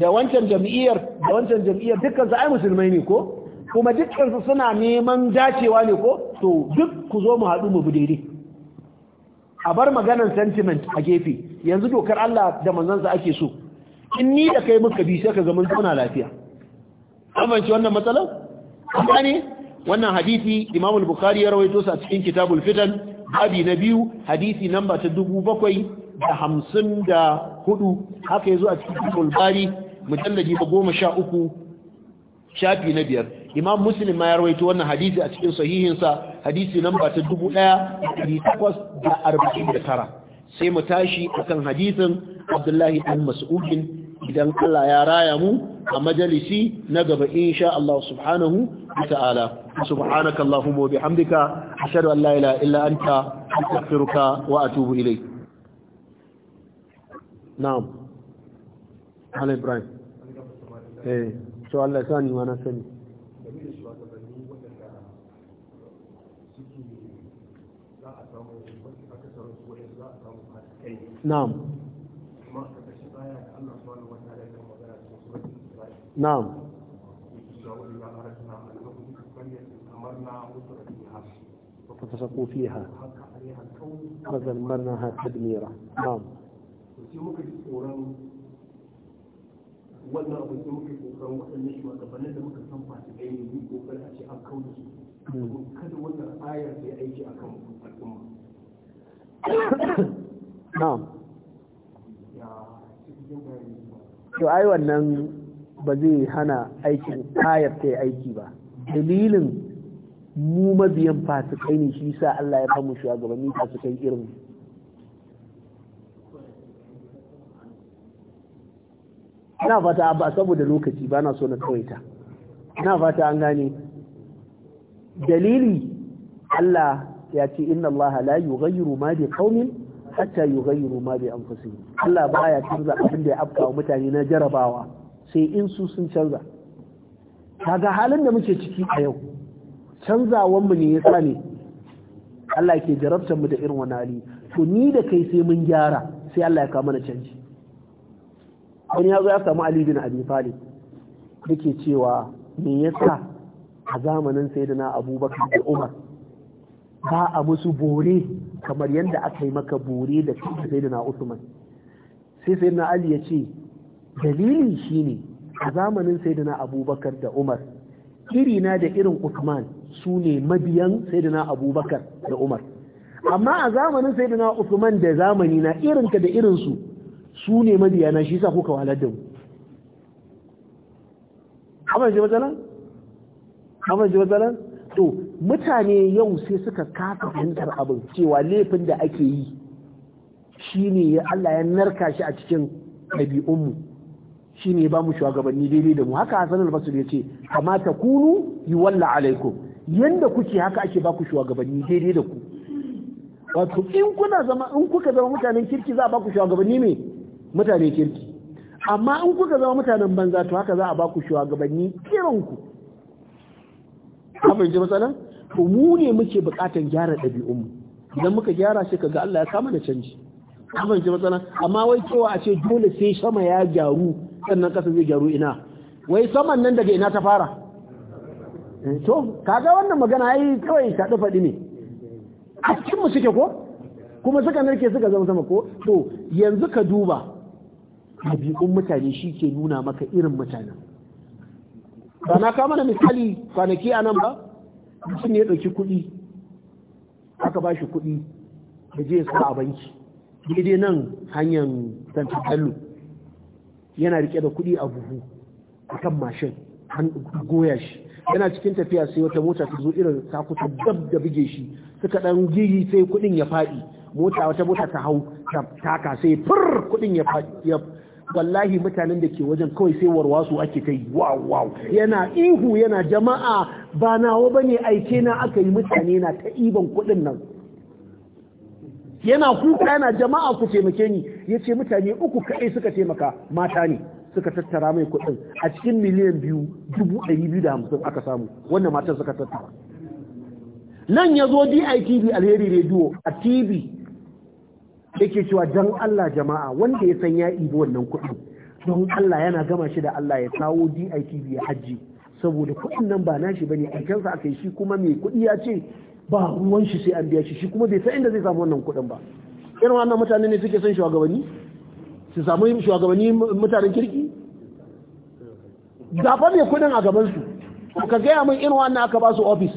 da wancan jam'iyyar da wancan jam'iyyar dukkan su ai musulmai ne ko kuma dukkan su suna neman dacewa ne ko to duk ku zo mu haɗu mu bi daidai a bar maganar sentiment a gefe yanzu dokar Allah da manzansa ake so in ni da kai muka bi sai ka zama zauna lafiya amince wannan matsalar amma ne wannan hadisi Imam al-Bukhari ya rawaito sa cikin Kitabul Fitan babi na biyu hadisi namba ta dubu da hudu haka zo a cikin Sahih goma mujalladi uku shafi na biyar Imam Muslim ma ya rawaito wannan hadisi a cikin sahihinsa hadisi namba ta tara sai mu tashi akan hadisin Abdullahi ibn Mas'ud idan Allah ya raya mu a majalisi na gaba insha Allah subhanahu wa ta'ala subhanaka allahumma wa bihamdika ashhadu an la ilaha illa anta astaghfiruka wa atubu ilayk na'am ibrahim eh Allah sani wa na'am نعم ففسقوا فيها فدمرناها تدميرا نعم wannan abin da muke kokarin waɗannan shugabannin da muka san ba su gani yi kokarin a ce an kawo su kada wannan ayar da ya aiki a kan al'umma na'am to ai wannan ba zai hana aikin ayar ta aiki ba dalilin mu mabiyan fasikai ne shi sa Allah ya bamu shugabanni fasikai irin ina fata ba saboda lokaci ba na so na kawai ta ina fata an gane dalili Allah ya ce inna Allah la yughayyiru ma bi qaumin hatta yughayyiru ma bi anfusihim Allah baya canza abin da ya afka mutane na jarabawa sai in su sun canza kaga halin da muke ciki a yau canzawan mu ne ya sa ne Allah ke jarabtar mu da irin wani hali to ni da kai sai mun gyara sai Allah ya kawo mana canji wani ya zo ya samu Ali bin Abi Talib yake cewa me yasa a zamanin sayyidina Abubakar da Umar ba a musu bore kamar yadda aka yi maka bore da sayyidina Usman sai sayyidina Ali ya ce dalili shine a zamanin sayyidina abubakar da umar irina da irin usman su ne mabiyan sayyidina abubakar da umar amma a zamanin sayyidina usman da zamani na irinka da irinsu su ne mabiyana shi sa kuka walar da mu amma ji matsalan amma ji to mutane yau sai suka kafa fahimtar abin cewa laifin da ake yi shi ya Allah ya narka shi a cikin ɗabi'unmu ne ba mu shugabanni daidai da mu haka Hassan al-Basri ce, kamata kunu yi walla alaikum yanda kuke haka ake ba ku shugabanni daidai da ku wato in kuna zama in kuka zama mutanen kirki za a ba ku shugabanni me mutane kirki amma in kuka zama mutanen banza to haka za a ku shugabanni kiran ku abin ji matsalan to mu ne muke bukatan gyara ɗabi'un mu idan muka gyara shi kaga Allah ya kama da canji Amince ji amma wai cewa a ce dole sai sama ya gyaru sannan kasa zai gyaru ina wai saman nan daga ina ta fara eh, to kaga wannan magana ai kawai ta faɗi ne a cikin suke ko kuma suka narke suka zama sama ko to yanzu ka duba abikun mutane shi ke nuna maka irin mutane. ba na kama misali kwanaki a nan ba mutum ne ya ɗauki kuɗi aka ba shi kuɗi da je sa a banki daidai nan hanyar kallo yana rike da kuɗi a buhu a kan mashin a goya shi yana cikin tafiya sai wata mota ta zo irin ta dab da buge shi suka ɗan gigi sai kuɗin ya faɗi mota wata mota ta hau ta taka sai fur kuɗin ya faɗi wallahi mutanen da ke wajen kawai sai warwasu ake ta yi wow wow yana ihu yana jama'a ba nawa bane aike na aka yi mutane na ta iban kuɗin nan yana kuka yana jama'a ku taimake ni ya ce mutane uku kaɗai suka taimaka mata ne suka tattara mai kuɗin a cikin miliyan biyu dubu ɗari biyu da hamsin aka samu wannan matan suka tattara nan ya zo DITV alheri rediyo a TV yake cewa don Allah jama'a wanda ya san ya ibo wannan kuɗin don Allah yana gama shi da Allah ya kawo DITV ya hajji saboda kuɗin nan ba nashi bane aikensa aka yi shi kuma mai kuɗi ya ce ba ruwan shi sai an biya shi shi kuma bai san inda zai samu wannan kuɗin ba irin wannan mutane ne suke son shugabanni su samu shugabanni mutanen kirki fa mai kuɗin a gaban su ka gaya min irin wannan aka ba su ofis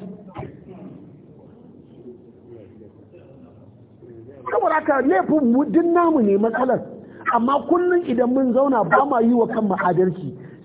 saboda haka laifin mu din namu ne matsalar amma kullum idan mun zauna ba ma yi wa kan adalci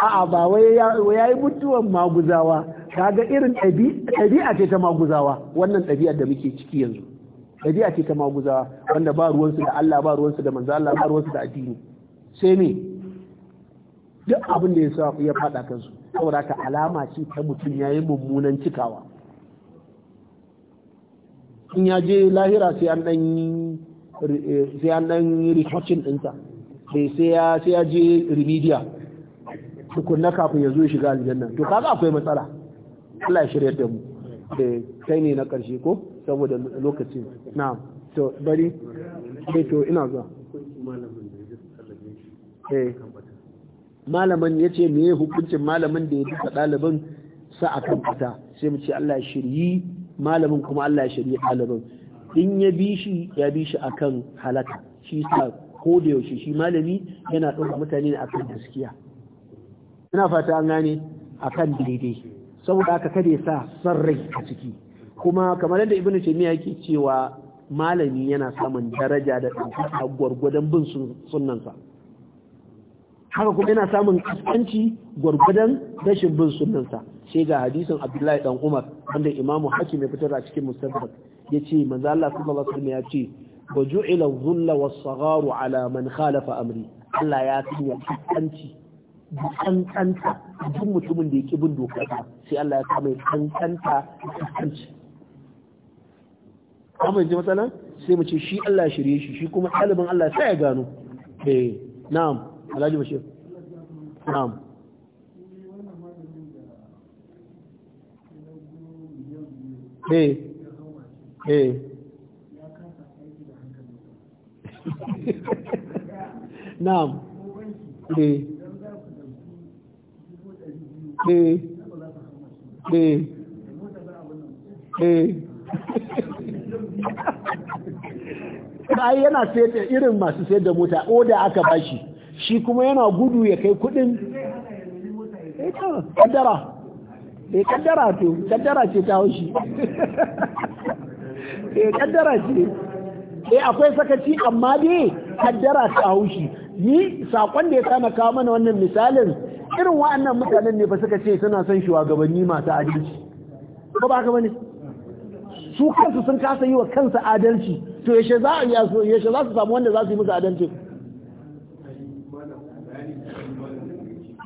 a'a ba wai ya yi mutuwan maguzawa kaga irin ɗabi'a ce ta maguzawa wannan ɗabi'a da muke ciki yanzu ɗabi'a ce ta maguzawa wanda ba ruwansu da Allah ba ruwansu da manzo Allah ba ruwansu da addini sai me duk abin da ya sa ya faɗa kansu saboda ka alama ce ta mutum yayi mummunan cikawa in ya je lahira sai an ɗan sai an dan yi retouching ɗinta eh, sai ya je remedia. tukunna kafin ya zo shiga aljanna to kaga akwai matsala Allah ya shirya da mu da eh, kai ne na karshe ko saboda lokaci na'am to bari Sai eh, to ina zuwa Malamin ya ce me hukuncin malamin da ya duka ɗaliban sa akan fita sai mu ce Allah ya shiryi malamin kuma Allah ya shiryi ɗaliban in ya bi shi ya bi shi akan halaka shi sa ko da yaushe shi malami yana ɗauka mutane ne akan gaskiya ina fata an gane akan daidai saboda aka kada ya sa son rai a ciki kuma kamar yadda ibnu taymiya yake cewa malami yana samun daraja da ɗaukaka gwargwadon bin sa haka kuma yana samun kaskanci gwargwadon rashin bin sunnansa sai ga hadisin abdullahi dan umar wanda imamu hakim ya fitar a cikin mustadrak yace manzo Allah sallallahu alaihi ya ce ba ju'ila dhulla was-sagharu ala man khalafa amri Allah ya sanya kanci kankanta duk mutumin da yake bin dokar sai Allah ya kama kankanta kanci amma yanzu matsalan sai mu ce shi Allah shirye shi shi kuma ɗalibin Allah sai ya gano eh na'am Alhaji Bashir na'am eh eh na'am eh eh eh eh ai yana sayar irin masu sayar da mota oda aka bashi shi kuma yana gudu ya kai kudin eh kaddara eh kaddara to kaddara ce ta shi. eh kaddara ce eh akwai sakaci amma dai kaddara ta haushi ni saƙon da ya kama kawo mana wannan misalin irin wa'annan mutanen ne ba suka ce suna son shugabanni masu adalci ko ba ka bane su kansu sun kasa yi wa kansa adalci to yaushe za a yashe za su samu wanda za su yi musu adalci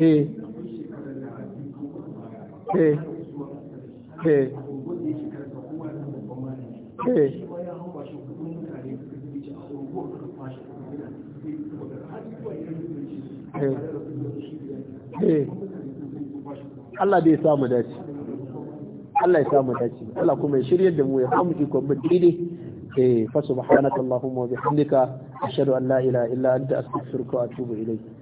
eh eh eh Eh. Eh. Eh. Allah bai samu dace Allah ya samu dace Allah kuma ya shirye da mu ya hamu ikon mu daidai eh fa subhanakallahumma wa bihamdika ashhadu an la ilaha illa anta astaghfiruka wa atubu ilayk